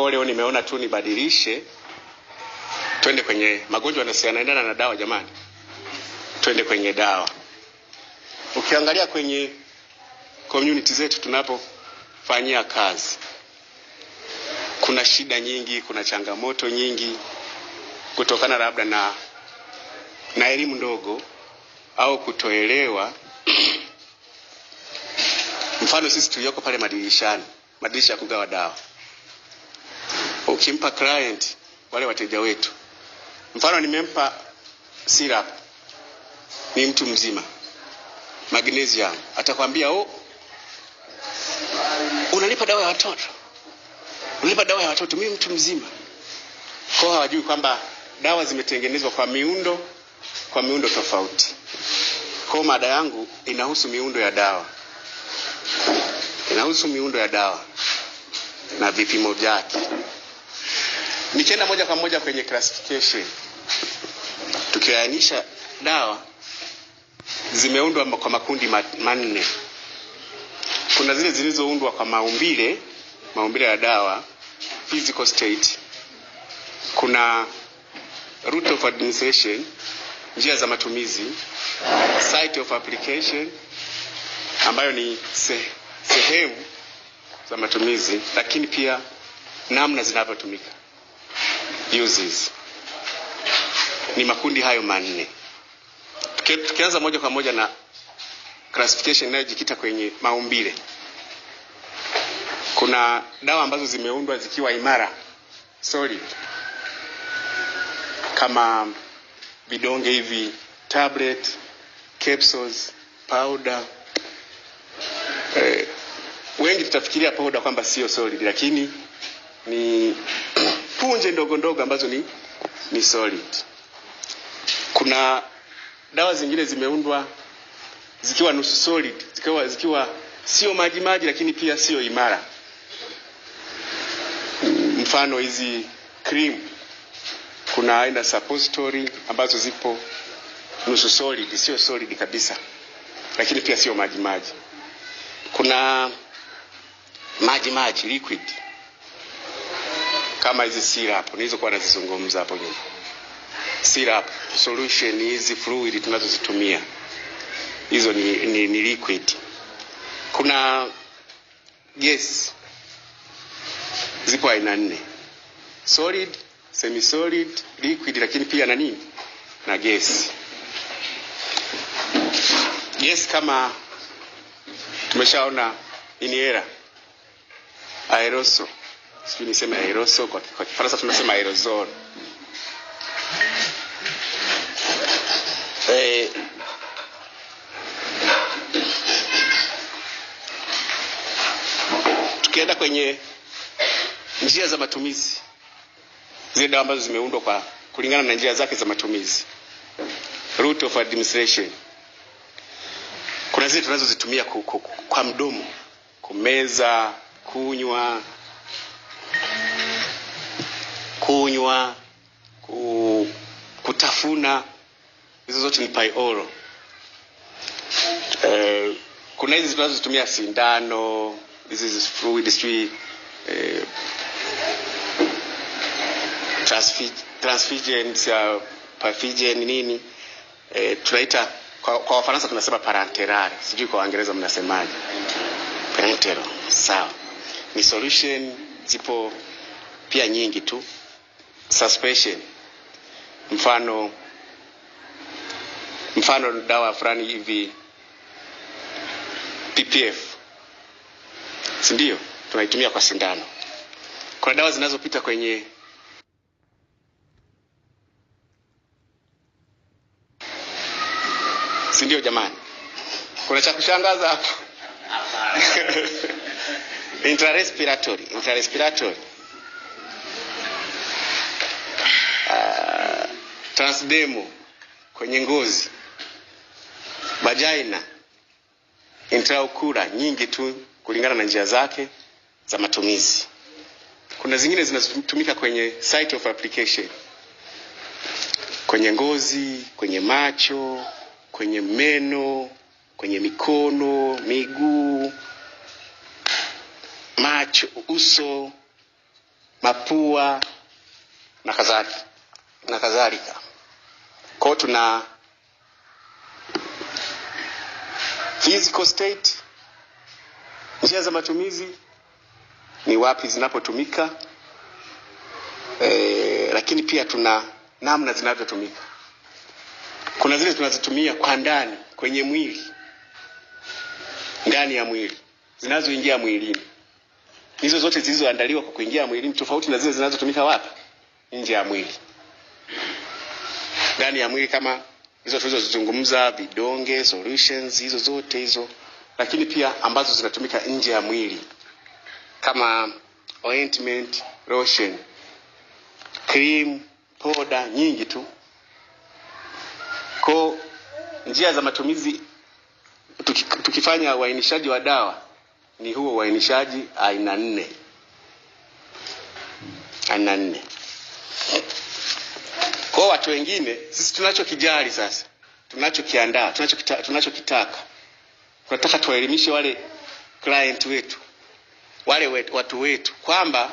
kwa leo nimeona tu nibadilishe, twende kwenye magonjwa yanaendana na dawa. Jamani, twende kwenye dawa. Ukiangalia kwenye community zetu tunapofanyia kazi, kuna shida nyingi, kuna changamoto nyingi kutokana labda na na elimu ndogo au kutoelewa. Mfano sisi tulioko pale madirishani, madirisha ya kugawa dawa ukimpa client wale wateja wetu, mfano nimempa syrup, ni mtu mzima, magnesium, atakwambia oh, unalipa dawa ya watoto, unalipa dawa ya watoto, mimi mtu mzima. Kwao hawajui kwamba dawa zimetengenezwa kwa miundo, kwa miundo tofauti. Kwao mada yangu inahusu miundo ya dawa, inahusu miundo ya dawa na vipimo vyake. Nikienda moja kwa moja kwenye classification, tukiainisha dawa zimeundwa kwa makundi manne. Kuna zile zilizoundwa kwa maumbile, maumbile ya dawa, physical state. Kuna route of administration, njia za matumizi, site of application ambayo ni sehemu za matumizi, lakini pia namna zinavyotumika uses. Ni makundi hayo manne. Tukianza moja kwa moja na classification inayojikita kwenye maumbile, kuna dawa ambazo zimeundwa zikiwa imara solid, kama vidonge hivi, tablet, capsules, powder eh, wengi tutafikiria powder kwamba sio solid, lakini ni punje ndogo ndogo ambazo ni, ni solid. Kuna dawa zingine zimeundwa zikiwa nusu solid, zikiwa, zikiwa sio maji maji, lakini pia sio imara. Mfano hizi cream, kuna aina suppository ambazo zipo nusu solid, sio solid kabisa, lakini pia sio maji maji. Kuna maji maji liquid kama hizi syrup nilizokuwa nazizungumza hapo nyuma, syrup solution hizi fluid tunazozitumia hizo ni, ni, ni liquid. Kuna gesi zipo aina nne: solid, semi solid, liquid, lakini pia na nini na gesi. Gesi kama tumeshaona inhela, aerosol sijui niseme aeroso kwa, Kifaransa tunasema eh. aerosol eh, tukienda kwenye njia za matumizi, zile dawa ambazo zimeundwa kwa kulingana na njia zake za matumizi, route of administration, kuna zile tunazozitumia kwa mdomo, kumeza, kunywa kunywa, kutafuna, hizo zote ni paioro. Eh, kuna hizi tunazotumia sindano, hizi fluid sijui eh, transfusions ya perfusion nini eh, tunaita kwa, kwa Wafaransa tunasema parenteral, sijui kwa Waingereza mnasemaje? Parenteral, sawa. Ni solution zipo pia nyingi tu suspension, mfano mfano dawa fulani hivi PPF, si ndio tunaitumia kwa sindano. Kuna dawa zinazopita kwenye si ndio? Jamani, kuna cha kushangaza hapo? intrarespiratory intrarespiratory Uh, transdemo kwenye ngozi, vagina, intraocular, nyingi tu kulingana na njia zake za matumizi. Kuna zingine zinazotumika kwenye site of application, kwenye ngozi, kwenye macho, kwenye meno, kwenye mikono, miguu, macho, uso, mapua na kadhalika na kadhalika. Kwao tuna physical state, njia za matumizi ni wapi zinapotumika, e, lakini pia tuna namna zinavyotumika. Kuna zile tunazitumia kwa ndani kwenye mwili, ndani ya mwili, zinazoingia mwilini, hizo zote zilizoandaliwa kwa kuingia mwilini, tofauti na zile zinazotumika wapi, nje ya mwili ndani ya mwili kama hizo tulizozizungumza, vidonge, solutions hizo zote hizo, lakini pia ambazo zinatumika nje ya mwili kama ointment, lotion, cream, powder nyingi tu. Kwa njia za matumizi tukifanya uainishaji wa dawa ni huo uainishaji aina nne, aina nne. Kwa watu wengine sisi tunachokijali sasa, tunachokiandaa, tunachokitaka, tunachokitaka tunataka tuwaelimishe wale client wetu wale wetu, watu wetu kwamba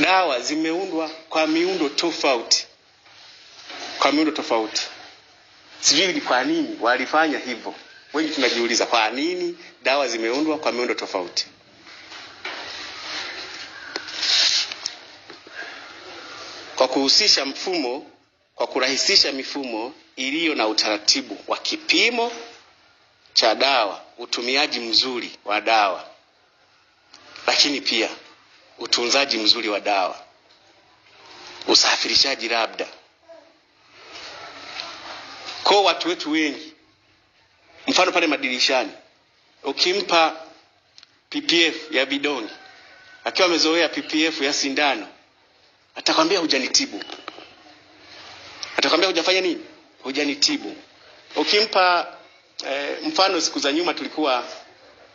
dawa zimeundwa kwa miundo tofauti, kwa miundo tofauti. Sijui ni kwa nini walifanya hivyo, wengi tunajiuliza kwa nini dawa zimeundwa kwa miundo tofauti. kwa kuhusisha mfumo kwa kurahisisha mifumo iliyo na utaratibu wa kipimo cha dawa, utumiaji mzuri wa dawa, lakini pia utunzaji mzuri wa dawa, usafirishaji labda kwa watu wetu wengi. Mfano pale madirishani, ukimpa PPF ya vidonge akiwa amezoea PPF ya sindano atakwambia hujanitibu, atakwambia hujafanya nini, hujanitibu. Ukimpa eh, mfano siku za nyuma tulikuwa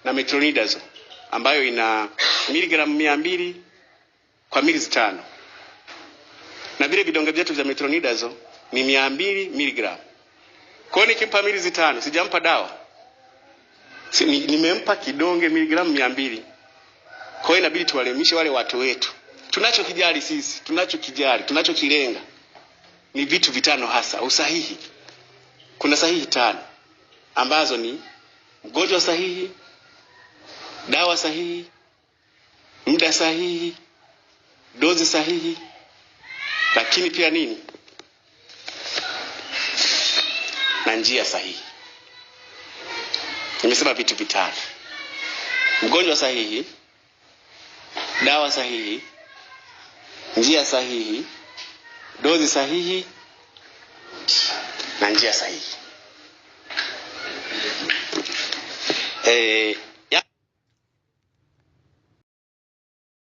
na metronidazole ambayo ina miligramu mia mbili kwa milizi tano na vile vidonge vyetu vya metronidazole ni mia mbili miligramu. Kwa hiyo nikimpa milizi tano, sijampa dawa si, nimempa kidonge miligramu mia mbili. Kwa hiyo inabidi tuwalemishe wale watu wetu Tunachokijali sisi, tunachokijali, tunachokilenga ni vitu vitano hasa. Usahihi, kuna sahihi tano ambazo ni mgonjwa sahihi, dawa sahihi, muda sahihi, dozi sahihi, lakini pia nini na njia sahihi. Nimesema vitu vitano: mgonjwa sahihi, dawa sahihi, njia sahihi, dozi sahihi na njia sahihi. Eh,